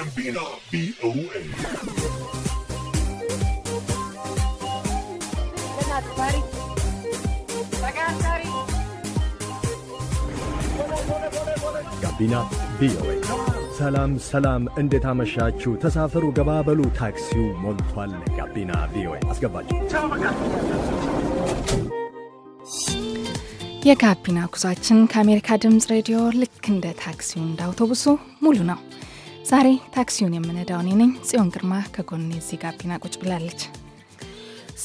ጋቢና ቪኦኤ ጋቢና ቪኦኤ። ሰላም ሰላም፣ እንዴት አመሻችሁ? ተሳፈሩ፣ ገባበሉ፣ ታክሲው ሞልቷል። ጋቢና ቪኦኤ አስገባችሁ። የጋቢና ጉዟችን ከአሜሪካ ድምፅ ሬዲዮ ልክ እንደ ታክሲው እንደ አውቶቡሱ ሙሉ ነው። ዛሬ ታክሲውን የምነዳው እኔ ነኝ ጽዮን ግርማ ከጎን እዚህ ጋቢና ቁጭ ብላለች።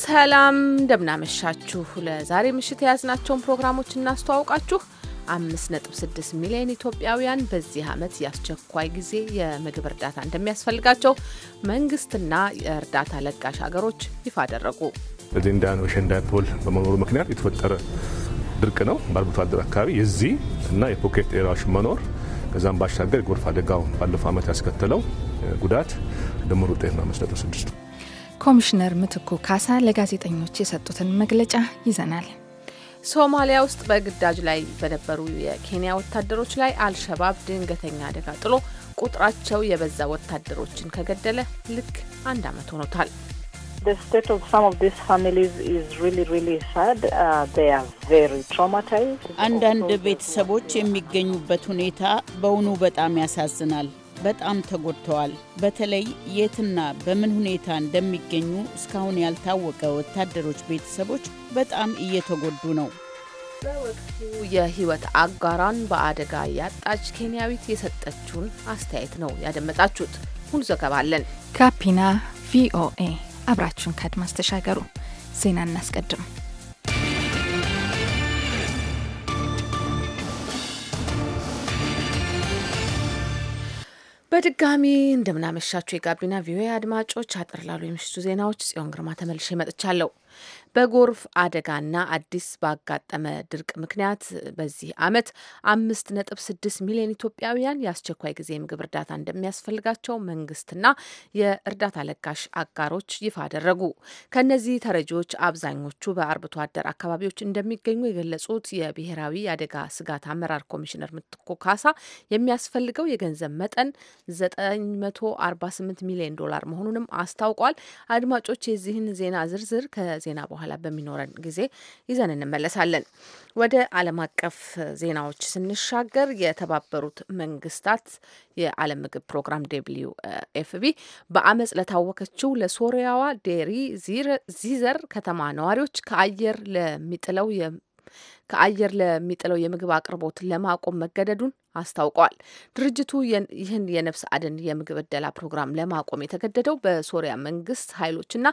ሰላም እንደምናመሻችሁ። ለዛሬ ምሽት የያዝናቸውን ፕሮግራሞች እናስተዋውቃችሁ። 5.6 ሚሊዮን ኢትዮጵያውያን በዚህ ዓመት የአስቸኳይ ጊዜ የምግብ እርዳታ እንደሚያስፈልጋቸው መንግስትና የእርዳታ ለጋሽ ሀገሮች ይፋ አደረጉ። እዚህ እንዳን ወሸንዳ ፖል በመኖሩ ምክንያት የተፈጠረ ድርቅ ነው። በአርብቶ አደር አካባቢ የዚህ እና የፖኬት ኤራዎች መኖር ከዛም ባሻገር የጎርፍ አደጋው ባለፈው ዓመት ያስከተለው ጉዳት ድምር ውጤት ነው ስድስት። ኮሚሽነር ምትኩ ካሳ ለጋዜጠኞች የሰጡትን መግለጫ ይዘናል። ሶማሊያ ውስጥ በግዳጅ ላይ በነበሩ የኬንያ ወታደሮች ላይ አልሸባብ ድንገተኛ አደጋ ጥሎ ቁጥራቸው የበዛ ወታደሮችን ከገደለ ልክ አንድ ዓመት ሆኖታል። the state of some of these families is really, really sad. Uh, they are very traumatized. አንዳንድ ቤተሰቦች የሚገኙበት ሁኔታ በውኑ በጣም ያሳዝናል። በጣም ተጎድተዋል። በተለይ የትና በምን ሁኔታ እንደሚገኙ እስካሁን ያልታወቀ ወታደሮች ቤተሰቦች በጣም እየተጎዱ ነው። በወቅቱ የህይወት አጋሯን በአደጋ ያጣች ኬንያዊት የሰጠችውን አስተያየት ነው ያደመጣችሁት። ሙሉ ዘገባ አለን። ቪኦኤ አብራችሁን ከአድማስ ተሻገሩ። ዜና እናስቀድም። በድጋሚ እንደምናመሻችሁ የጋቢና ቪኦኤ አድማጮች፣ አጠር ላሉ የምሽቱ ዜናዎች ጽዮን ግርማ ተመልሼ መጥቻለሁ። በጎርፍ አደጋና አዲስ ባጋጠመ ድርቅ ምክንያት በዚህ ዓመት አምስት ነጥብ ስድስት ሚሊዮን ኢትዮጵያውያን የአስቸኳይ ጊዜ የምግብ እርዳታ እንደሚያስፈልጋቸው መንግስትና የእርዳታ ለጋሽ አጋሮች ይፋ አደረጉ። ከእነዚህ ተረጂዎች አብዛኞቹ በአርብቶ አደር አካባቢዎች እንደሚገኙ የገለጹት የብሔራዊ የአደጋ ስጋት አመራር ኮሚሽነር ምትኩ ካሳ የሚያስፈልገው የገንዘብ መጠን 948 ሚሊዮን ዶላር መሆኑንም አስታውቋል። አድማጮች የዚህን ዜና ዝርዝር ከዜና በኋላ በኋላ በሚኖረን ጊዜ ይዘን እንመለሳለን። ወደ ዓለም አቀፍ ዜናዎች ስንሻገር የተባበሩት መንግስታት የዓለም ምግብ ፕሮግራም ደብልዩ ኤፍ ቢ በአመፅ ለታወከችው ለሶሪያዋ ዴሪ ዚዘር ከተማ ነዋሪዎች ከአየር ለሚጥለው ከአየር ለሚጥለው የምግብ አቅርቦት ለማቆም መገደዱን አስታውቋል። ድርጅቱ ይህን የነፍስ አድን የምግብ እደላ ፕሮግራም ለማቆም የተገደደው በሶሪያ መንግስት ኃይሎችና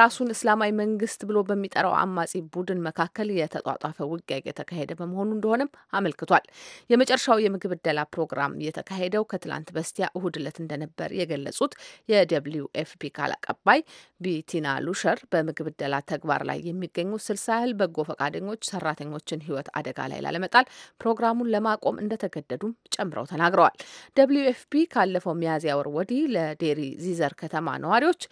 ራሱን እስላማዊ መንግስት ብሎ በሚጠራው አማጺ ቡድን መካከል የተጧጧፈ ውጊያ የተካሄደ በመሆኑ እንደሆነም አመልክቷል። የመጨረሻው የምግብ እደላ ፕሮግራም የተካሄደው ከትላንት በስቲያ እሁድ ዕለት እንደነበር የገለጹት የደብሊዩ ኤፍፒ ቃል አቀባይ ቢቲና ሉሸር በምግብ እደላ ተግባር ላይ የሚገኙ ስልሳ ያህል በጎ ፈቃደኞች ሰራተኞችን ህይወት አደጋ ላይ ላለመጣል ፕሮግራሙን ለማቆም እንደተገደዱ መሆናቸውንም ጨምረው ተናግረዋል። ደብሊዩ ኤፍፒ ካለፈው ሚያዝያ ወር ወዲህ ለዴሪ ዚዘር ከተማ ነዋሪዎች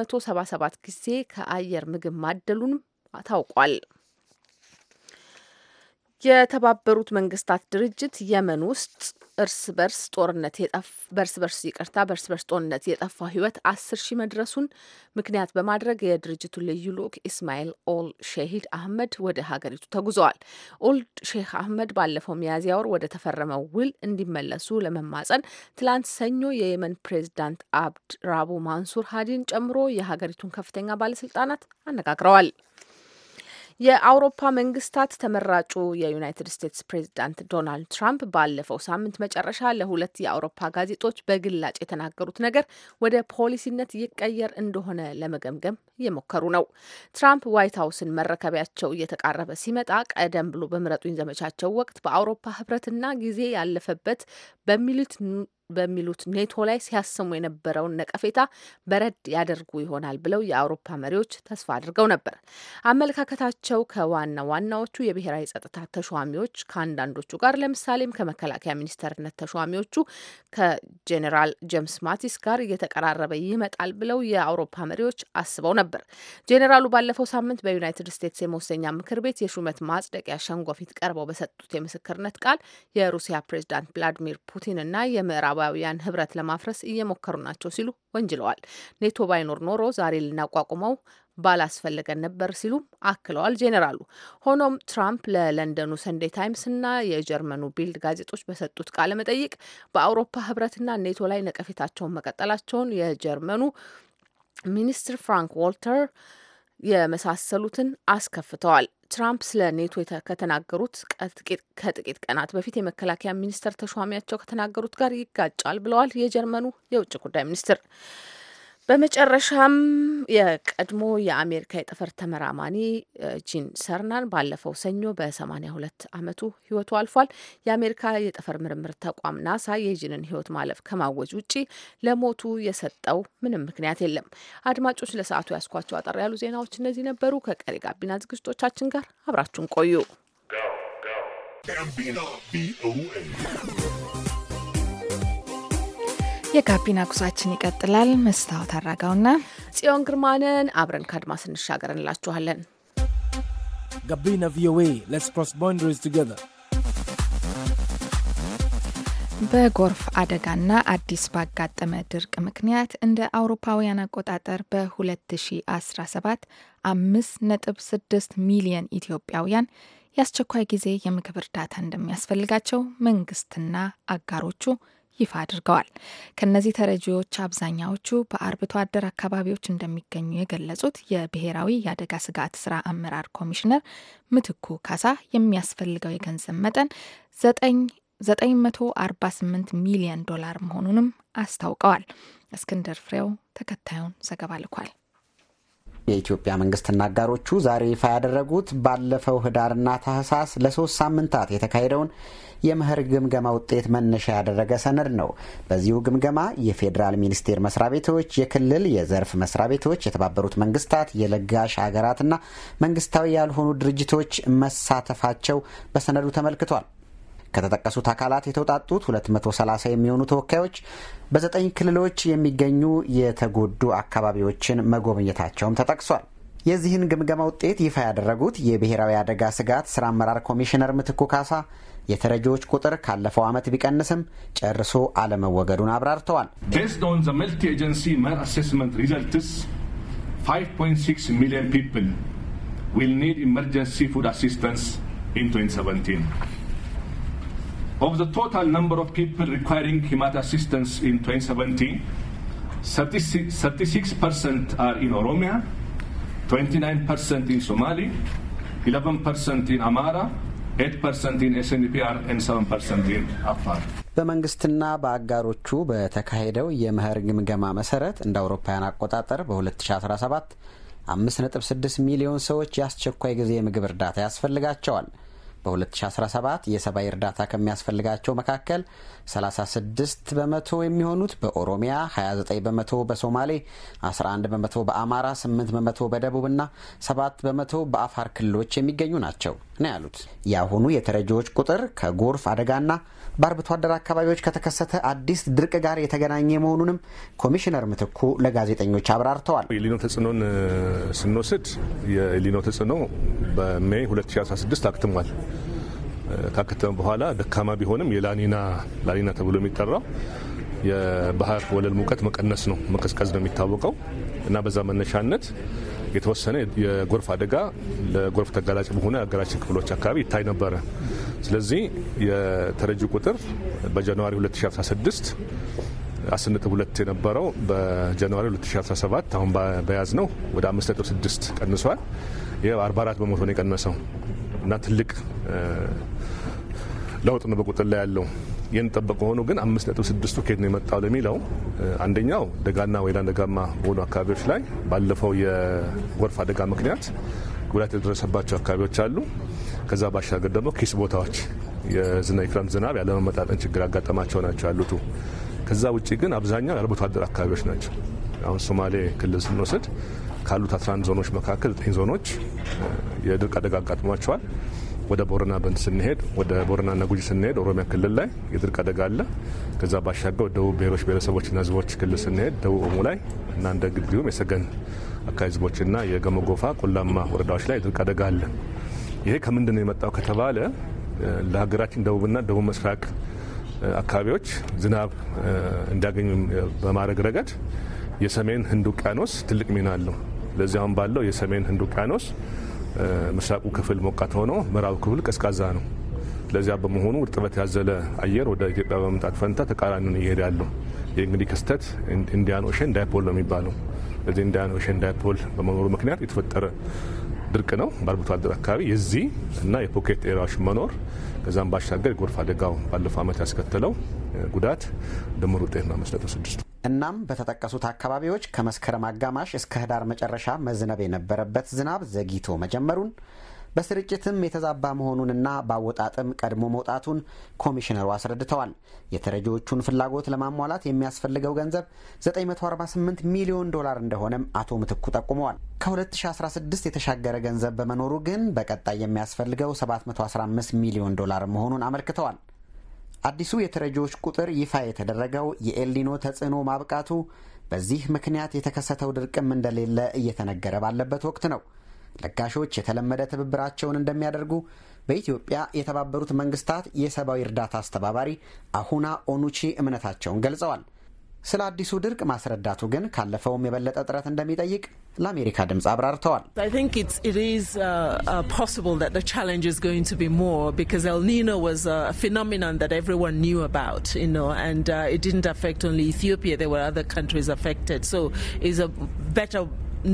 177 ጊዜ ከአየር ምግብ ማደሉንም ታውቋል። የተባበሩት መንግስታት ድርጅት የመን ውስጥ እርስ በርስ ጦርነት በርስ በርስ ይቅርታ በርስ በርስ ጦርነት የጠፋው ህይወት አስር ሺህ መድረሱን ምክንያት በማድረግ የድርጅቱ ልዩ ልኡክ ኢስማኤል ኦል ሼሂድ አህመድ ወደ ሀገሪቱ ተጉዘዋል። ኦል ሼህ አህመድ ባለፈው ሚያዝያ ወር ወደ ተፈረመው ውል እንዲመለሱ ለመማጸን ትላንት ሰኞ የየመን ፕሬዚዳንት አብድ ራቡ ማንሱር ሀዲን ጨምሮ የሀገሪቱን ከፍተኛ ባለስልጣናት አነጋግረዋል። የአውሮፓ መንግስታት ተመራጩ የዩናይትድ ስቴትስ ፕሬዚዳንት ዶናልድ ትራምፕ ባለፈው ሳምንት መጨረሻ ለሁለት የአውሮፓ ጋዜጦች በግላጭ የተናገሩት ነገር ወደ ፖሊሲነት ይቀየር እንደሆነ ለመገምገም እየሞከሩ ነው። ትራምፕ ዋይት ሀውስን መረከቢያቸው እየተቃረበ ሲመጣ ቀደም ብሎ በምረጡኝ ዘመቻቸው ወቅት በአውሮፓ ህብረትና ጊዜ ያለፈበት በሚሉት በሚሉት ኔቶ ላይ ሲያሰሙ የነበረውን ነቀፌታ በረድ ያደርጉ ይሆናል ብለው የአውሮፓ መሪዎች ተስፋ አድርገው ነበር። አመለካከታቸው ከዋና ዋናዎቹ የብሔራዊ ጸጥታ ተሿሚዎች ከአንዳንዶቹ ጋር ለምሳሌም ከመከላከያ ሚኒስተርነት ተሿሚዎቹ ከጄኔራል ጄምስ ማቲስ ጋር እየተቀራረበ ይመጣል ብለው የአውሮፓ መሪዎች አስበው ነበር። ጄኔራሉ ባለፈው ሳምንት በዩናይትድ ስቴትስ የመወሰኛ ምክር ቤት የሹመት ማጽደቂያ ሸንጎ ፊት ቀርበው በሰጡት የምስክርነት ቃል የሩሲያ ፕሬዚዳንት ቭላዲሚር ፑቲን እና የምዕራብ ምዕራባውያን ህብረት ለማፍረስ እየሞከሩ ናቸው ሲሉ ወንጅለዋል። ኔቶ ባይኖር ኖሮ ዛሬ ልናቋቁመው ባላስፈለገን ነበር ሲሉም አክለዋል ጄኔራሉ። ሆኖም ትራምፕ ለለንደኑ ሰንዴ ታይምስ እና የጀርመኑ ቢልድ ጋዜጦች በሰጡት ቃለ መጠይቅ በአውሮፓ ህብረትና ኔቶ ላይ ነቀፌታቸውን መቀጠላቸውን የጀርመኑ ሚኒስትር ፍራንክ ዋልተር የመሳሰሉትን አስከፍተዋል። ትራምፕ ስለ ኔቶ ከተናገሩት ከጥቂት ቀናት በፊት የመከላከያ ሚኒስቴር ተሿሚያቸው ከተናገሩት ጋር ይጋጫል ብለዋል የጀርመኑ የውጭ ጉዳይ ሚኒስትር በመጨረሻም የቀድሞ የአሜሪካ የጠፈር ተመራማኒ ጂን ሰርናን ባለፈው ሰኞ በ82 ዓመቱ ህይወቱ አልፏል። የአሜሪካ የጠፈር ምርምር ተቋም ናሳ የጂንን ህይወት ማለፍ ከማወጅ ውጪ ለሞቱ የሰጠው ምንም ምክንያት የለም። አድማጮች፣ ለሰዓቱ ያስኳቸው አጠር ያሉ ዜናዎች እነዚህ ነበሩ። ከቀሪ ጋቢና ዝግጅቶቻችን ጋር አብራችሁን ቆዩ። የጋቢና ጉዟችን ይቀጥላል። መስታወት አራጋውና ጽዮን ግርማንን አብረን ከአድማስ እንሻገር እንላችኋለን። ጋቢና ቪኦኤ ሌትስ ክሮስ ቦንደሪስ ቱጌዘር በጎርፍ አደጋና አዲስ ባጋጠመ ድርቅ ምክንያት እንደ አውሮፓውያን አቆጣጠር በ2017 5.6 ሚሊዮን ኢትዮጵያውያን የአስቸኳይ ጊዜ የምግብ እርዳታ እንደሚያስፈልጋቸው መንግስትና አጋሮቹ ይፋ አድርገዋል። ከነዚህ ተረጂዎች አብዛኛዎቹ በአርብቶ አደር አካባቢዎች እንደሚገኙ የገለጹት የብሔራዊ የአደጋ ስጋት ስራ አመራር ኮሚሽነር ምትኩ ካሳ የሚያስፈልገው የገንዘብ መጠን 948 ሚሊዮን ዶላር መሆኑንም አስታውቀዋል። እስክንድር ፍሬው ተከታዩን ዘገባ ልኳል። የኢትዮጵያ መንግስትና አጋሮቹ ዛሬ ይፋ ያደረጉት ባለፈው ህዳርና ታህሳስ ለሶስት ሳምንታት የተካሄደውን የምህር ግምገማ ውጤት መነሻ ያደረገ ሰነድ ነው። በዚሁ ግምገማ የፌዴራል ሚኒስቴር መስሪያ ቤቶች፣ የክልል የዘርፍ መስሪያ ቤቶች፣ የተባበሩት መንግስታት፣ የለጋሽ ሀገራትና መንግስታዊ ያልሆኑ ድርጅቶች መሳተፋቸው በሰነዱ ተመልክቷል። ከተጠቀሱት አካላት የተውጣጡት 230 የሚሆኑ ተወካዮች በዘጠኝ ክልሎች የሚገኙ የተጎዱ አካባቢዎችን መጎብኘታቸውም ተጠቅሷል። የዚህን ግምገማ ውጤት ይፋ ያደረጉት የብሔራዊ አደጋ ስጋት ስራ አመራር ኮሚሽነር ምትኩ ካሳ የተረጂዎች ቁጥር ካለፈው ዓመት ቢቀንስም ጨርሶ አለመወገዱን አብራርተዋል። ሚሊዮን ፒፕል ዊል ኒድ ኢመርጀንሲ ፉድ አሲስተንስ ኢን 2017 Of the total number of people requiring climate assistance in 2017, 36 are in Oromia, 29 in Somali, 11 in Amara, 8 in SNPR, and 7 in Afar. በመንግስትና በአጋሮቹ በተካሄደው የምህር ግምገማ መሰረት እንደ አውሮፓውያን አቆጣጠር በ2017 5.6 ሚሊዮን ሰዎች የአስቸኳይ ጊዜ የምግብ እርዳታ ያስፈልጋቸዋል። በ2017 የሰብአዊ እርዳታ ከሚያስፈልጋቸው መካከል 36 በመቶ የሚሆኑት በኦሮሚያ፣ 29 በመቶ በሶማሌ፣ 11 በመቶ በአማራ፣ 8 በመቶ በደቡብና 7 በመቶ በአፋር ክልሎች የሚገኙ ናቸው ነው ያሉት። የአሁኑ የተረጂዎች ቁጥር ከጎርፍ አደጋና በአርብቶ አደር አካባቢዎች ከተከሰተ አዲስ ድርቅ ጋር የተገናኘ መሆኑንም ኮሚሽነር ምትኩ ለጋዜጠኞች አብራርተዋል። የሊኖ ተጽዕኖን ስንወስድ የሊኖ ተጽዕኖ በሜይ 2016 አክትሟል። ካከተመ በኋላ ደካማ ቢሆንም የላኒና ላኒና ተብሎ የሚጠራው የባህር ወለል ሙቀት መቀነስ ነው፣ መቀዝቀዝ ነው የሚታወቀው እና በዛ መነሻነት የተወሰነ የጎርፍ አደጋ ለጎርፍ ተጋላጭ በሆነ የሀገራችን ክፍሎች አካባቢ ይታይ ነበረ። ስለዚህ የተረጂ ቁጥር በጃንዋሪ 2016 አስር ነጥብ ሁለት የነበረው በጃንዋሪ 2017 አሁን በያዝ ነው ወደ አምስት ነጥብ ስድስት ቀንሷል። ይህ 44 በመቶ ነው የቀነሰው እና ትልቅ ለውጥ ነው በቁጥር ላይ ያለው። ይህን ጠበቀ ሆኖ ግን አምስት ነጥብ ስድስቱ ከየት ነው የመጣው ለሚለው አንደኛው ደጋና ወይላ ደጋማ በሆኑ አካባቢዎች ላይ ባለፈው የጎርፍ አደጋ ምክንያት ጉዳት የደረሰባቸው አካባቢዎች አሉ። ከዛ ባሻገር ደግሞ ኪስ ቦታዎች የዝና የክረምት ዝናብ ያለመመጣጠን ችግር ያጋጠማቸው ናቸው ያሉቱ። ከዛ ውጭ ግን አብዛኛው የአርብቶ አደር አካባቢዎች ናቸው። አሁን ሶማሌ ክልል ስንወስድ ካሉት 11 ዞኖች መካከል 9 ዞኖች የድርቅ አደጋ አጋጥሟቸዋል። ወደ ቦረና በንት ስንሄድ ወደ ቦረና ና ጉጂ ስንሄድ ኦሮሚያ ክልል ላይ የድርቅ አደጋ አለ። ከዛ ባሻገር ደቡብ ብሔሮች ና ህዝቦች ክልል ስንሄድ ደቡብ ኦሞ ላይ እና እንደ ግቢውም የሰገን አካባቢ ህዝቦችና የገመጎፋ ቆላማ ወረዳዎች ላይ የድርቅ አደጋ አለ። ይሄ ከምንድን ነው የመጣው ከተባለ ለሀገራችን ደቡብና ደቡብ ምስራቅ አካባቢዎች ዝናብ እንዲያገኙ በማድረግ ረገድ የሰሜን ህንድ ውቅያኖስ ትልቅ ሚና አለው። ለዚህ አሁን ባለው የሰሜን ህንድ ውቅያኖስ ምስራቁ ክፍል ሞቃት ሆኖ ምዕራቡ ክፍል ቀዝቃዛ ነው። ለዚያ በመሆኑ እርጥበት ያዘለ አየር ወደ ኢትዮጵያ በመምጣት ፈንታ ተቃራኒ እየሄደ ያለው። ይህ እንግዲህ ክስተት ኢንዲያን ኦሽን ዳይፖል ነው የሚባለው። እዚህ ኢንዲያን ኦሽን ዳይፖል በመኖሩ ምክንያት የተፈጠረ ድርቅ ነው። በአርብቶ አደር አካባቢ የዚህ እና የፖኬት ኤራዎች መኖር ከዛም ባሻገር የጎርፍ አደጋው ባለፈው ዓመት ያስከተለው ጉዳት ድምር ውጤት ነው ስድስቱ እናም በተጠቀሱት አካባቢዎች ከመስከረም አጋማሽ እስከ ህዳር መጨረሻ መዝነብ የነበረበት ዝናብ ዘግይቶ መጀመሩን በስርጭትም የተዛባ መሆኑንና በአወጣጥም ቀድሞ መውጣቱን ኮሚሽነሩ አስረድተዋል። የተረጂዎቹን ፍላጎት ለማሟላት የሚያስፈልገው ገንዘብ 948 ሚሊዮን ዶላር እንደሆነም አቶ ምትኩ ጠቁመዋል። ከ2016 የተሻገረ ገንዘብ በመኖሩ ግን በቀጣይ የሚያስፈልገው 715 ሚሊዮን ዶላር መሆኑን አመልክተዋል። አዲሱ የተረጂዎች ቁጥር ይፋ የተደረገው የኤልኒኖ ተጽዕኖ ማብቃቱ በዚህ ምክንያት የተከሰተው ድርቅም እንደሌለ እየተነገረ ባለበት ወቅት ነው። ለጋሾች የተለመደ ትብብራቸውን እንደሚያደርጉ በኢትዮጵያ የተባበሩት መንግስታት የሰብአዊ እርዳታ አስተባባሪ አሁና ኦኑቺ እምነታቸውን ገልጸዋል። ስለ አዲሱ ድርቅ ማስረዳቱ ግን ካለፈውም የበለጠ ጥረት እንደሚጠይቅ ለአሜሪካ ድምፅ አብራርተዋል።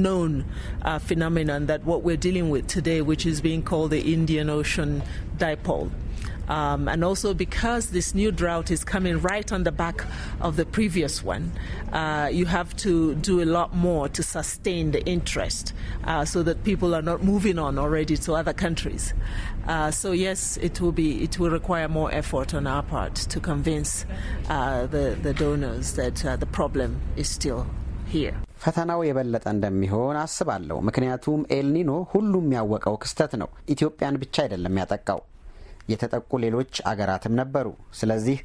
known uh, phenomenon that what we're dealing with today, which is being called the Indian Ocean Dipole. Um, and also because this new drought is coming right on the back of the previous one, uh, you have to do a lot more to sustain the interest uh, so that people are not moving on already to other countries. Uh, so yes, it will be it will require more effort on our part to convince uh, the the donors that uh, the problem is still here. ፈተናው የበለጠ እንደሚሆን አስባለሁ። ምክንያቱም ኤልኒኖ ሁሉም ያወቀው ክስተት ነው። ኢትዮጵያን ብቻ አይደለም ያጠቃው። የተጠቁ ሌሎች አገራትም ነበሩ። ስለዚህ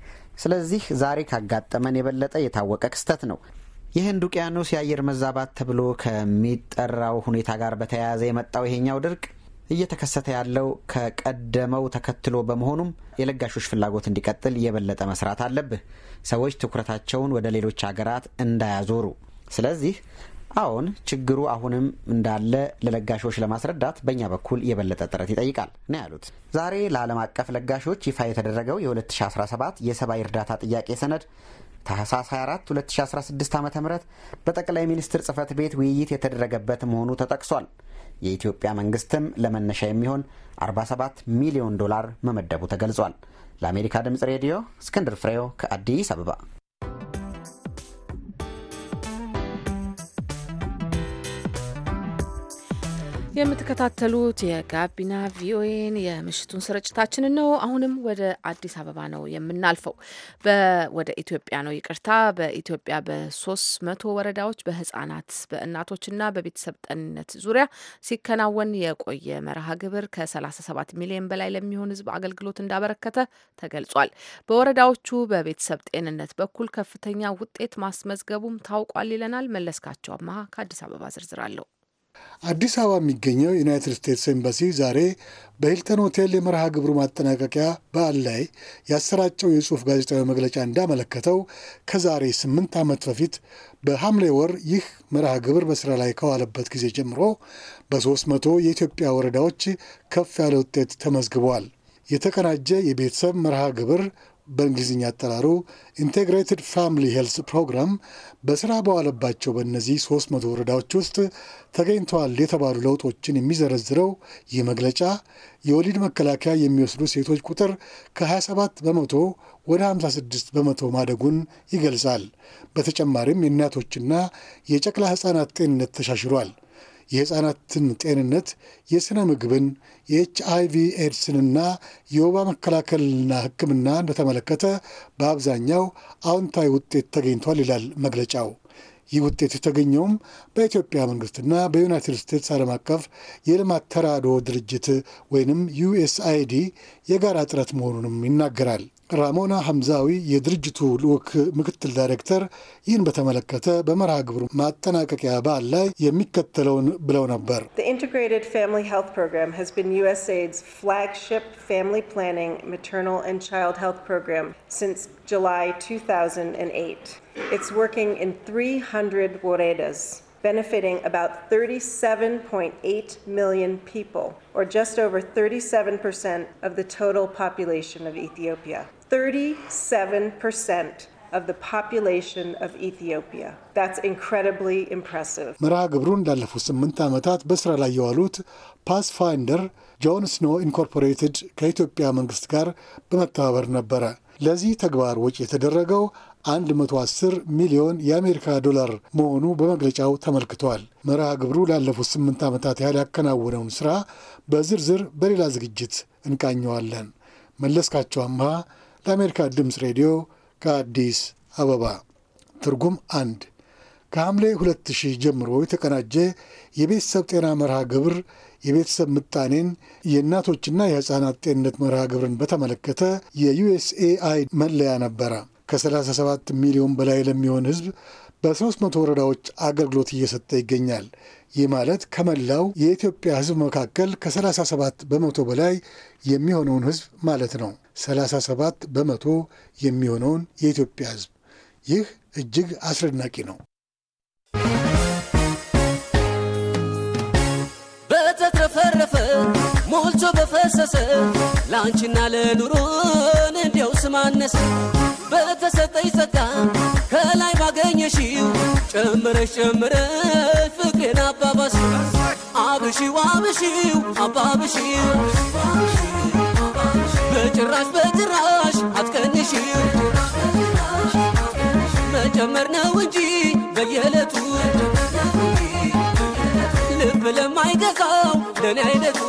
ስለዚህ ዛሬ ካጋጠመን የበለጠ የታወቀ ክስተት ነው። የህንድ ውቅያኖስ የአየር መዛባት ተብሎ ከሚጠራው ሁኔታ ጋር በተያያዘ የመጣው ይሄኛው ድርቅ እየተከሰተ ያለው ከቀደመው ተከትሎ በመሆኑም የለጋሾች ፍላጎት እንዲቀጥል የበለጠ መስራት አለብህ። ሰዎች ትኩረታቸውን ወደ ሌሎች ሀገራት እንዳያዞሩ። ስለዚህ አሁን ችግሩ አሁንም እንዳለ ለለጋሾች ለማስረዳት በእኛ በኩል የበለጠ ጥረት ይጠይቃል ነው ያሉት። ዛሬ ለዓለም አቀፍ ለጋሾች ይፋ የተደረገው የ2017 የሰብአዊ እርዳታ ጥያቄ ሰነድ ታህሳስ 24 2016 ዓ ም በጠቅላይ ሚኒስትር ጽህፈት ቤት ውይይት የተደረገበት መሆኑ ተጠቅሷል። የኢትዮጵያ መንግስትም ለመነሻ የሚሆን 47 ሚሊዮን ዶላር መመደቡ ተገልጿል። ለአሜሪካ ድምፅ ሬዲዮ እስክንድር ፍሬው ከአዲስ አበባ የምትከታተሉት የጋቢና ቪኦኤን የምሽቱን ስርጭታችን ነው። አሁንም ወደ አዲስ አበባ ነው የምናልፈው። ወደ ኢትዮጵያ ነው ይቅርታ። በኢትዮጵያ በሶስት መቶ ወረዳዎች በህጻናት በእናቶችና በቤተሰብ ጤንነት ዙሪያ ሲከናወን የቆየ መርሃ ግብር ከ37 ሚሊዮን በላይ ለሚሆን ህዝብ አገልግሎት እንዳበረከተ ተገልጿል። በወረዳዎቹ በቤተሰብ ጤንነት በኩል ከፍተኛ ውጤት ማስመዝገቡም ታውቋል ይለናል መለስካቸው አማሃ ከአዲስ አበባ ዝርዝር አለው። አዲስ አበባ የሚገኘው ዩናይትድ ስቴትስ ኤምባሲ ዛሬ በሂልተን ሆቴል የመርሃ ግብሩ ማጠናቀቂያ በዓል ላይ ያሰራጨው የጽሑፍ ጋዜጣዊ መግለጫ እንዳመለከተው ከዛሬ ስምንት ዓመት በፊት በሐምሌ ወር ይህ መርሃ ግብር በሥራ ላይ ከዋለበት ጊዜ ጀምሮ በሦስት መቶ የኢትዮጵያ ወረዳዎች ከፍ ያለ ውጤት ተመዝግቧል። የተቀናጀ የቤተሰብ መርሃ ግብር በእንግሊዝኛ አጠራሩ ኢንቴግሬትድ ፋሚሊ ሄልስ ፕሮግራም በስራ በዋለባቸው በእነዚህ ሦስት መቶ ወረዳዎች ውስጥ ተገኝተዋል የተባሉ ለውጦችን የሚዘረዝረው ይህ መግለጫ የወሊድ መከላከያ የሚወስዱ ሴቶች ቁጥር ከ27 በመቶ ወደ 56 በመቶ ማደጉን ይገልጻል። በተጨማሪም የእናቶችና የጨቅላ ሕፃናት ጤንነት ተሻሽሏል። የሕፃናትን ጤንነት፣ የሥነ ምግብን፣ የኤች ቪ ኤድስንና የወባ መከላከልና ሕክምና እንደተመለከተ በአብዛኛው አዎንታዊ ውጤት ተገኝቷል ይላል መግለጫው። ይህ ውጤት የተገኘውም በኢትዮጵያ መንግስትና በዩናይትድ ስቴትስ ዓለም አቀፍ የልማት ተራድኦ ድርጅት ወይንም ዩኤስአይዲ የጋራ ጥረት መሆኑንም ይናገራል። ራሞና ሐምዛዊ የድርጅቱ ልዑክ ምክትል ዳይሬክተር ይህን በተመለከተ በመርሃ ግብሩ ማጠናቀቂያ በዓል ላይ የሚከተለውን ብለው ነበር። ፕሮግራም It's working in 300 woredas, benefiting about 37.8 million people, or just over 37% of the total population of Ethiopia. 37% of the population of Ethiopia. That's incredibly impressive. መርሃ ግብሩን ላለፉት ስምንት ዓመታት በስራ ላይ የዋሉት ፓስፋይንደር ጆን ስኖ ኢንኮርፖሬትድ ከኢትዮጵያ መንግስት ጋር በመተባበር ነበረ። ለዚህ ተግባር ወጪ የተደረገው 110 ሚሊዮን የአሜሪካ ዶላር መሆኑ በመግለጫው ተመልክቷል። መርሃ ግብሩ ላለፉት ስምንት ዓመታት ያህል ያከናወነውን ሥራ በዝርዝር በሌላ ዝግጅት እንቃኘዋለን። መለስካቸው አምሃ ለአሜሪካ ድምፅ ሬዲዮ ከአዲስ አበባ። ትርጉም አንድ ከሐምሌ 2000 ጀምሮ የተቀናጀ የቤተሰብ ጤና መርሃ ግብር የቤተሰብ ምጣኔን የእናቶችና የሕፃናት ጤንነት መርሃ ግብርን በተመለከተ የዩኤስኤአይ መለያ ነበረ። ከ37 ሚሊዮን በላይ ለሚሆን ህዝብ በ300 ወረዳዎች አገልግሎት እየሰጠ ይገኛል። ይህ ማለት ከመላው የኢትዮጵያ ህዝብ መካከል ከ37 በመቶ በላይ የሚሆነውን ህዝብ ማለት ነው። 37 በመቶ የሚሆነውን የኢትዮጵያ ህዝብ ይህ እጅግ አስደናቂ ነው። በተትረፈረፈ ሞልቶ በፈሰሰ ለአንቺና ለኑሮን እንዲያው ስማነሰ በተሰጠኝ ጸጋ ከላይ ባገኘሽው ጨምረሽ ጨምረሽ ፍቅሬን አባባሽው አብሺው አብሺው አባብሺው በጭራሽ በጭራሽ አትቀንሺው መጨመር ነው እንጂ በየዕለቱ ልብ ለማይገዛው ለእኔ አይነቱ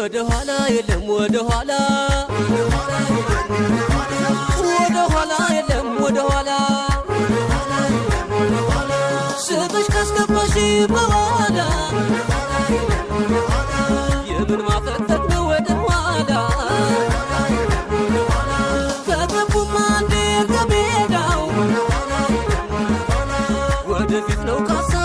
ወደ ኋላ የለም ወደ ኋላ ወደ ኋላ የለም ወደ ኋላ ስምሽ ካስገባሽ በኋላ የምን ማፈጠት ነው ወደ ኋላ ከገቡማ እንዴ ከሜዳው ወደፊት ነው ካሳ።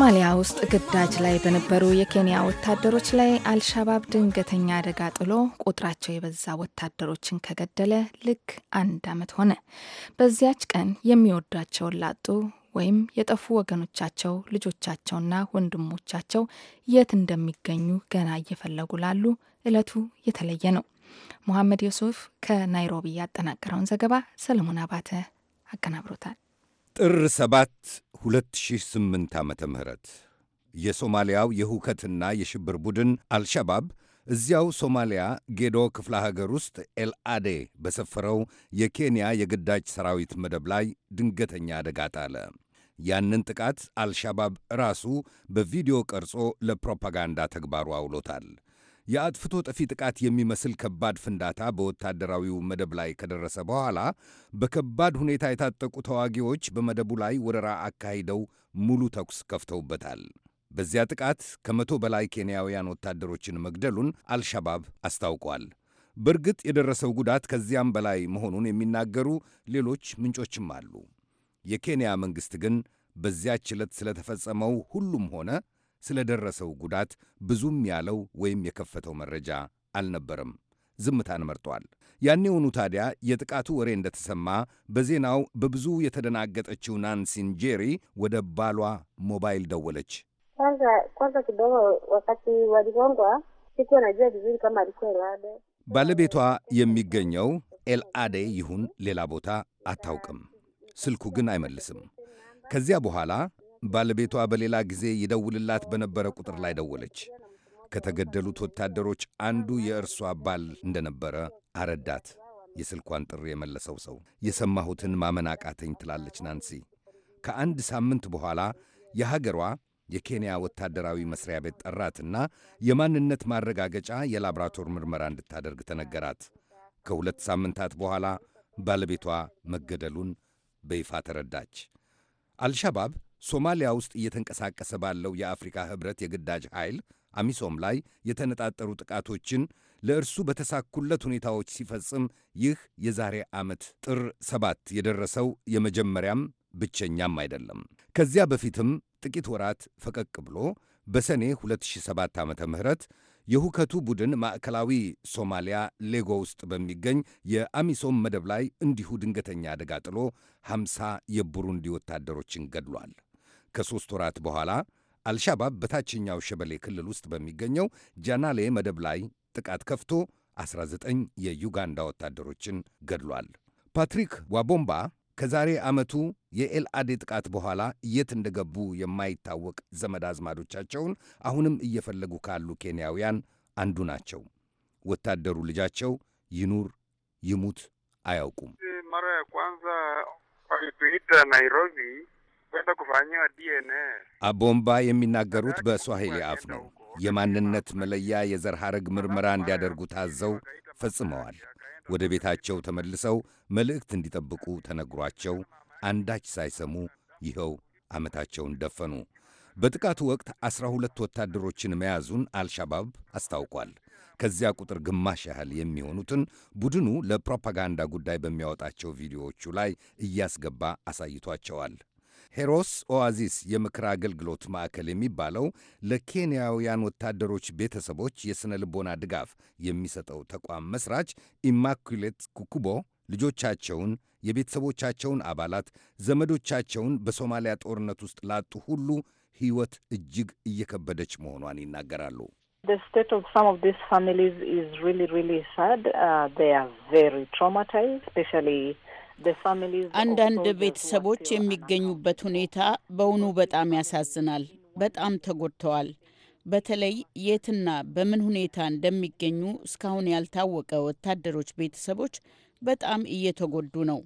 ሶማሊያ ውስጥ ግዳጅ ላይ በነበሩ የኬንያ ወታደሮች ላይ አልሻባብ ድንገተኛ አደጋ ጥሎ ቁጥራቸው የበዛ ወታደሮችን ከገደለ ልክ አንድ ዓመት ሆነ። በዚያች ቀን የሚወዷቸውን ላጡ ወይም የጠፉ ወገኖቻቸው ልጆቻቸውና ወንድሞቻቸው የት እንደሚገኙ ገና እየፈለጉ ላሉ እለቱ የተለየ ነው። መሐመድ ዮሱፍ ከናይሮቢ ያጠናቀረውን ዘገባ ሰለሞን አባተ አቀናብሮታል። ጥር 7 2008 ዓ ም የሶማሊያው የሁከትና የሽብር ቡድን አልሸባብ እዚያው ሶማሊያ ጌዶ ክፍለ ሀገር ውስጥ ኤልአዴ በሰፈረው የኬንያ የግዳጅ ሰራዊት መደብ ላይ ድንገተኛ አደጋ ጣለ። ያንን ጥቃት አልሻባብ ራሱ በቪዲዮ ቀርጾ ለፕሮፓጋንዳ ተግባሩ አውሎታል። የአጥፍቶ ጠፊ ጥቃት የሚመስል ከባድ ፍንዳታ በወታደራዊው መደብ ላይ ከደረሰ በኋላ በከባድ ሁኔታ የታጠቁ ተዋጊዎች በመደቡ ላይ ወረራ አካሂደው ሙሉ ተኩስ ከፍተውበታል። በዚያ ጥቃት ከመቶ በላይ ኬንያውያን ወታደሮችን መግደሉን አልሻባብ አስታውቋል። በእርግጥ የደረሰው ጉዳት ከዚያም በላይ መሆኑን የሚናገሩ ሌሎች ምንጮችም አሉ። የኬንያ መንግሥት ግን በዚያች ዕለት ስለተፈጸመው ሁሉም ሆነ ስለደረሰው ጉዳት ብዙም ያለው ወይም የከፈተው መረጃ አልነበረም። ዝምታን መርጧል። ያኔውኑ ታዲያ የጥቃቱ ወሬ እንደተሰማ በዜናው በብዙ የተደናገጠችው ናንሲን ጄሪ ወደ ባሏ ሞባይል ደወለች። ባለቤቷ የሚገኘው ኤልአዴ ይሁን ሌላ ቦታ አታውቅም። ስልኩ ግን አይመልስም። ከዚያ በኋላ ባለቤቷ በሌላ ጊዜ ይደውልላት በነበረ ቁጥር ላይ ደወለች። ከተገደሉት ወታደሮች አንዱ የእርሷ ባል እንደነበረ አረዳት። የስልኳን ጥሪ የመለሰው ሰው የሰማሁትን ማመን አቃተኝ ትላለች ናንሲ። ከአንድ ሳምንት በኋላ የሀገሯ የኬንያ ወታደራዊ መስሪያ ቤት ጠራትና የማንነት ማረጋገጫ የላብራቶር ምርመራ እንድታደርግ ተነገራት። ከሁለት ሳምንታት በኋላ ባለቤቷ መገደሉን በይፋ ተረዳች። አልሻባብ ሶማሊያ ውስጥ እየተንቀሳቀሰ ባለው የአፍሪካ ህብረት የግዳጅ ኃይል አሚሶም ላይ የተነጣጠሩ ጥቃቶችን ለእርሱ በተሳኩለት ሁኔታዎች ሲፈጽም ይህ የዛሬ ዓመት ጥር ሰባት የደረሰው የመጀመሪያም ብቸኛም አይደለም። ከዚያ በፊትም ጥቂት ወራት ፈቀቅ ብሎ በሰኔ 2007 ዓ ም የሁከቱ ቡድን ማዕከላዊ ሶማሊያ ሌጎ ውስጥ በሚገኝ የአሚሶም መደብ ላይ እንዲሁ ድንገተኛ አደጋ ጥሎ 50 የቡሩንዲ ወታደሮችን ገድሏል። ከሦስት ወራት በኋላ አልሻባብ በታችኛው ሸበሌ ክልል ውስጥ በሚገኘው ጃናሌ መደብ ላይ ጥቃት ከፍቶ 19 የዩጋንዳ ወታደሮችን ገድሏል። ፓትሪክ ዋቦምባ ከዛሬ ዓመቱ የኤልአዴ ጥቃት በኋላ የት እንደገቡ የማይታወቅ ዘመድ አዝማዶቻቸውን አሁንም እየፈለጉ ካሉ ኬንያውያን አንዱ ናቸው። ወታደሩ ልጃቸው ይኑር ይሙት አያውቁም። አቦምባ የሚናገሩት በስዋሂሊ አፍ ነው። የማንነት መለያ የዘር ሐረግ ምርመራ እንዲያደርጉ ታዘው ፈጽመዋል። ወደ ቤታቸው ተመልሰው መልእክት እንዲጠብቁ ተነግሯቸው አንዳች ሳይሰሙ ይኸው ዓመታቸውን ደፈኑ። በጥቃቱ ወቅት ዐሥራ ሁለት ወታደሮችን መያዙን አልሻባብ አስታውቋል። ከዚያ ቁጥር ግማሽ ያህል የሚሆኑትን ቡድኑ ለፕሮፓጋንዳ ጉዳይ በሚያወጣቸው ቪዲዮዎቹ ላይ እያስገባ አሳይቷቸዋል። ሄሮስ ኦአዚስ የምክር አገልግሎት ማዕከል የሚባለው ለኬንያውያን ወታደሮች ቤተሰቦች የሥነ ልቦና ድጋፍ የሚሰጠው ተቋም መስራች ኢማኩሌት ኩኩቦ ልጆቻቸውን፣ የቤተሰቦቻቸውን አባላት፣ ዘመዶቻቸውን በሶማሊያ ጦርነት ውስጥ ላጡ ሁሉ ሕይወት እጅግ እየከበደች መሆኗን ይናገራሉ። አንዳንድ ቤተሰቦች የሚገኙበት ሁኔታ በውኑ በጣም ያሳዝናል። በጣም ተጎድተዋል። በተለይ የትና በምን ሁኔታ እንደሚገኙ እስካሁን ያልታወቀ ወታደሮች ቤተሰቦች በጣም እየተጎዱ ነው።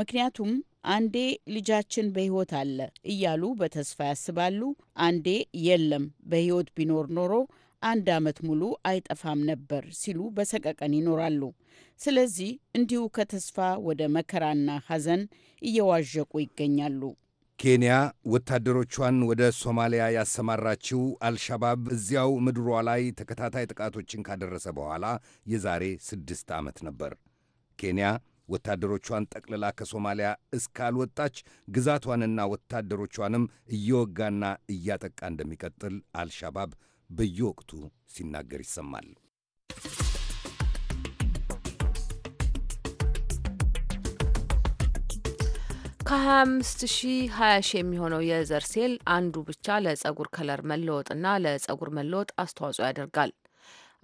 ምክንያቱም አንዴ ልጃችን በሕይወት አለ እያሉ በተስፋ ያስባሉ፣ አንዴ የለም በሕይወት ቢኖር ኖሮ አንድ ዓመት ሙሉ አይጠፋም ነበር ሲሉ በሰቀቀን ይኖራሉ። ስለዚህ እንዲሁ ከተስፋ ወደ መከራና ሐዘን እየዋዠቁ ይገኛሉ። ኬንያ ወታደሮቿን ወደ ሶማሊያ ያሰማራችው አልሻባብ እዚያው ምድሯ ላይ ተከታታይ ጥቃቶችን ካደረሰ በኋላ የዛሬ ስድስት ዓመት ነበር። ኬንያ ወታደሮቿን ጠቅልላ ከሶማሊያ እስካልወጣች ግዛቷንና ወታደሮቿንም እየወጋና እያጠቃ እንደሚቀጥል አልሻባብ በየወቅቱ ሲናገር ይሰማል። ከ25 20 የሚሆነው የዘር ሴል አንዱ ብቻ ለጸጉር ከለር መለወጥና ለጸጉር መለወጥ አስተዋጽኦ ያደርጋል።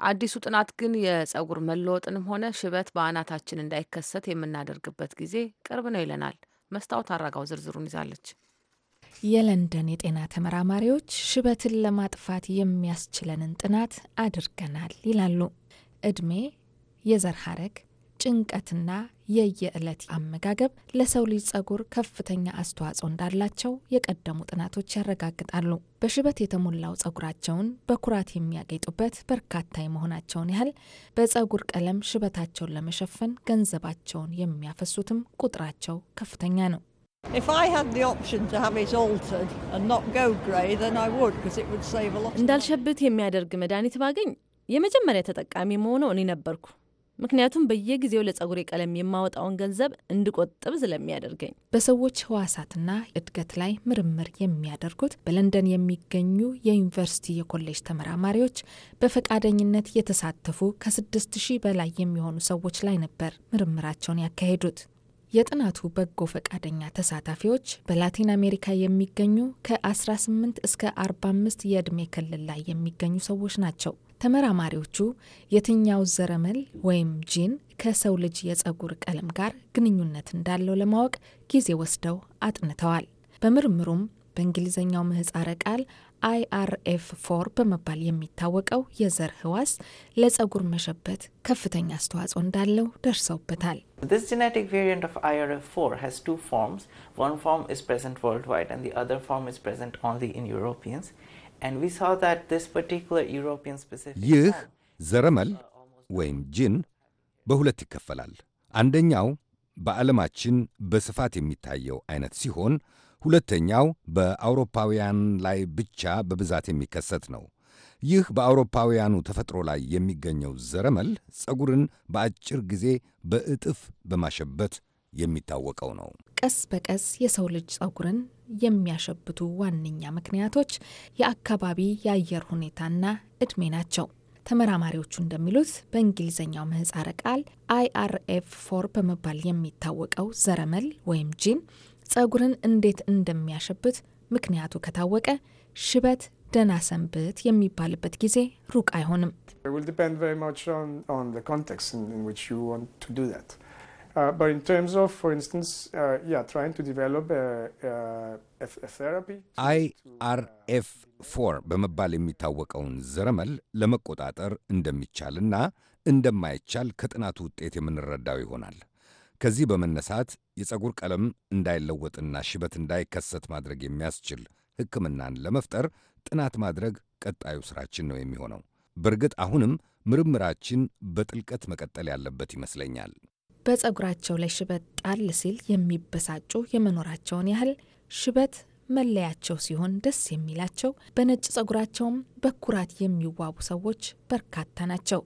አዲሱ ጥናት ግን የጸጉር መለወጥንም ሆነ ሽበት በአናታችን እንዳይከሰት የምናደርግበት ጊዜ ቅርብ ነው ይለናል። መስታወት አራጋው ዝርዝሩን ይዛለች። የለንደን የጤና ተመራማሪዎች ሽበትን ለማጥፋት የሚያስችለንን ጥናት አድርገናል ይላሉ። እድሜ፣ የዘር ሐረግ፣ ጭንቀትና የየዕለት አመጋገብ ለሰው ልጅ ጸጉር ከፍተኛ አስተዋጽኦ እንዳላቸው የቀደሙ ጥናቶች ያረጋግጣሉ። በሽበት የተሞላው ጸጉራቸውን በኩራት የሚያጌጡበት በርካታ የመሆናቸውን ያህል በጸጉር ቀለም ሽበታቸውን ለመሸፈን ገንዘባቸውን የሚያፈሱትም ቁጥራቸው ከፍተኛ ነው። እንዳልሸብት የሚያደርግ መድኃኒት ባገኝ የመጀመሪያ ተጠቃሚ መሆነው እኔ ነበርኩ። ምክንያቱም በየጊዜው ለጸጉሬ ቀለም የማወጣውን ገንዘብ እንድቆጥብ ስለሚያደርገኝ። በሰዎች ህዋሳትና እድገት ላይ ምርምር የሚያደርጉት በለንደን የሚገኙ የዩኒቨርሲቲ የኮሌጅ ተመራማሪዎች በፈቃደኝነት የተሳተፉ ከስድስት ሺህ በላይ የሚሆኑ ሰዎች ላይ ነበር ምርምራቸውን ያካሄዱት። የጥናቱ በጎ ፈቃደኛ ተሳታፊዎች በላቲን አሜሪካ የሚገኙ ከ18 እስከ 45 የዕድሜ ክልል ላይ የሚገኙ ሰዎች ናቸው። ተመራማሪዎቹ የትኛው ዘረመል ወይም ጂን ከሰው ልጅ የፀጉር ቀለም ጋር ግንኙነት እንዳለው ለማወቅ ጊዜ ወስደው አጥንተዋል። በምርምሩም በእንግሊዝኛው ምህፃረ ቃል አይአርኤፍ ፎር በመባል የሚታወቀው የዘር ህዋስ ለጸጉር መሸበት ከፍተኛ አስተዋጽኦ እንዳለው ደርሰውበታል። ይህ ዘረመል ወይም ጂን በሁለት ይከፈላል። አንደኛው በዓለማችን በስፋት የሚታየው አይነት ሲሆን ሁለተኛው በአውሮፓውያን ላይ ብቻ በብዛት የሚከሰት ነው። ይህ በአውሮፓውያኑ ተፈጥሮ ላይ የሚገኘው ዘረመል ጸጉርን በአጭር ጊዜ በእጥፍ በማሸበት የሚታወቀው ነው። ቀስ በቀስ የሰው ልጅ ጸጉርን የሚያሸብቱ ዋነኛ ምክንያቶች የአካባቢ የአየር ሁኔታና እድሜ ናቸው። ተመራማሪዎቹ እንደሚሉት በእንግሊዝኛው ምህፃረ ቃል አይአርኤፍ ፎር በመባል የሚታወቀው ዘረመል ወይም ጂን ጸጉርን እንዴት እንደሚያሸብት ምክንያቱ ከታወቀ ሽበት ደህና ሰንብት የሚባልበት ጊዜ ሩቅ አይሆንም። አይአርኤፍ ፎር uh, uh, uh, በመባል የሚታወቀውን ዘረመል ለመቆጣጠር እንደሚቻልና እንደማይቻል ከጥናቱ ውጤት የምንረዳው ይሆናል። ከዚህ በመነሳት የፀጉር ቀለም እንዳይለወጥና ሽበት እንዳይከሰት ማድረግ የሚያስችል ሕክምናን ለመፍጠር ጥናት ማድረግ ቀጣዩ ሥራችን ነው የሚሆነው። በእርግጥ አሁንም ምርምራችን በጥልቀት መቀጠል ያለበት ይመስለኛል። በፀጉራቸው ላይ ሽበት ጣል ሲል የሚበሳጩ የመኖራቸውን ያህል ሽበት መለያቸው ሲሆን ደስ የሚላቸው በነጭ ፀጉራቸውም በኩራት የሚዋቡ ሰዎች በርካታ ናቸው።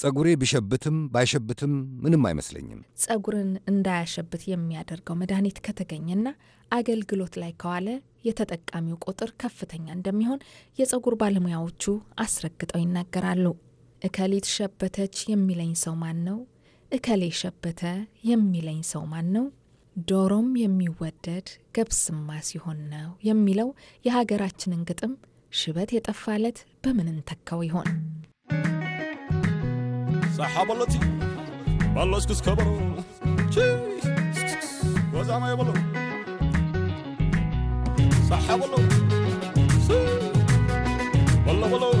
ጸጉሬ ቢሸብትም ባይሸብትም ምንም አይመስለኝም። ጸጉርን እንዳያሸብት የሚያደርገው መድኃኒት ከተገኘና አገልግሎት ላይ ከዋለ የተጠቃሚው ቁጥር ከፍተኛ እንደሚሆን የጸጉር ባለሙያዎቹ አስረግጠው ይናገራሉ። እከሊት ሸበተች የሚለኝ ሰው ማን ነው? እከሌ ሸበተ የሚለኝ ሰው ማን ነው? ዶሮም የሚወደድ ገብስማ ሲሆን ነው የሚለው የሀገራችንን ግጥም ሽበት የጠፋለት በምን እንተካው ይሆን? صحة بلتي بلا اسكس كبروا يبلو صحة بلو بلا بلو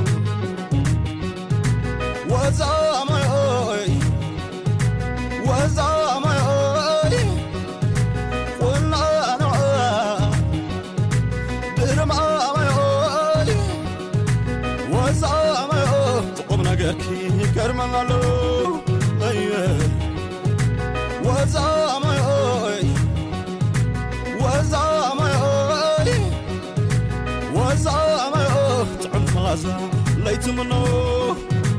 منو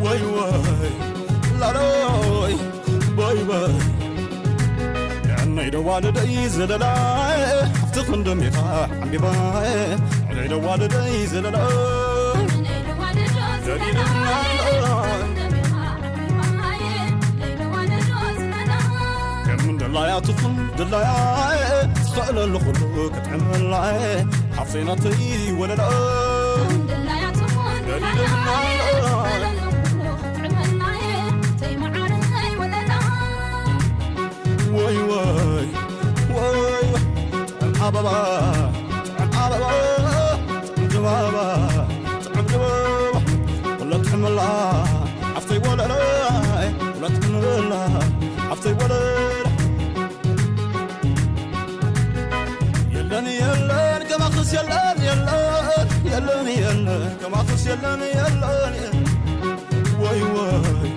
واي واي لاروي باي باي عنيد والدي زللاي حفتق دمي طاح عمي باي عنيد والدي زللاي عنيد والدي زللاي دلايا تفن دلايا تخيل الخلو كتعمل حفصينتي ولا لا دلايا تفن دلايا واي واي واي الحبابة الحبابة جوابة تعب جوابة ولا تحمل عفتي ولا لا ولا تحمل عفتي ولا لا يلان يلان كما خص يلان يلان يلان يلان كما خص يلان يلان واي واي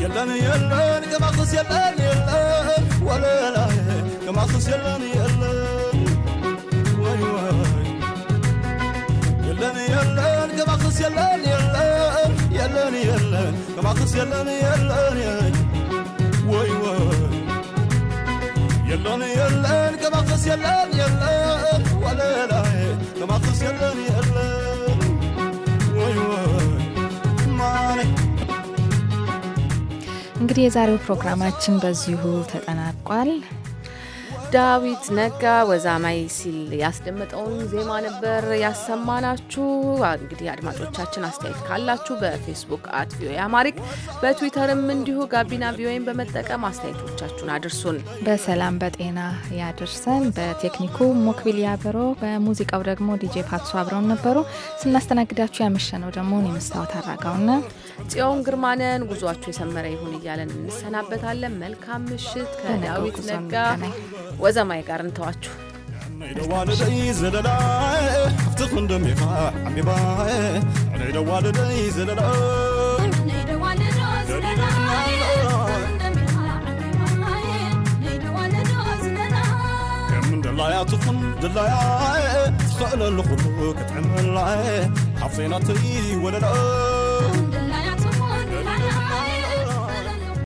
يلان يلان كما خص يلاني يلان ولا لا كما خص يلاني يلان واي واي يلاني يلان كما خص يلاني يلان يلاني يلان كما خص يلاني يلان واي واي يلاني يلان كما خص يلاني يلان ولا لا كما خص يلاني يلان واي أيوة. واي مالك እንግዲህ የዛሬው ፕሮግራማችን በዚሁ ተጠናቋል። ዳዊት ነጋ ወዛማይ ሲል ያስደመጠውን ዜማ ነበር ያሰማናችሁ። እንግዲህ አድማጮቻችን አስተያየት ካላችሁ በፌስቡክ አት ቪኦኤ አማሪክ በትዊተርም እንዲሁ ጋቢና ቪኦኤን በመጠቀም አስተያየቶቻችሁን አድርሱን። በሰላም በጤና ያድርሰን። በቴክኒኩ ሞክቢል ያበሮ፣ በሙዚቃው ደግሞ ዲጄ ፓትሶ አብረውን ነበሩ። ስናስተናግዳችሁ ያመሸነው ደግሞ እኔ መስታወት አራጋውና ጽዮን ግርማነን። ጉዟችሁ የሰመረ ይሁን እያለን እንሰናበታለን። መልካም ምሽት ከዳዊት ነጋ ወዘማይ ጋር እንተዋችሁ። ላያትኹን ድላያ ትኽእለሉ ኹሉ ክትዕምልዓየ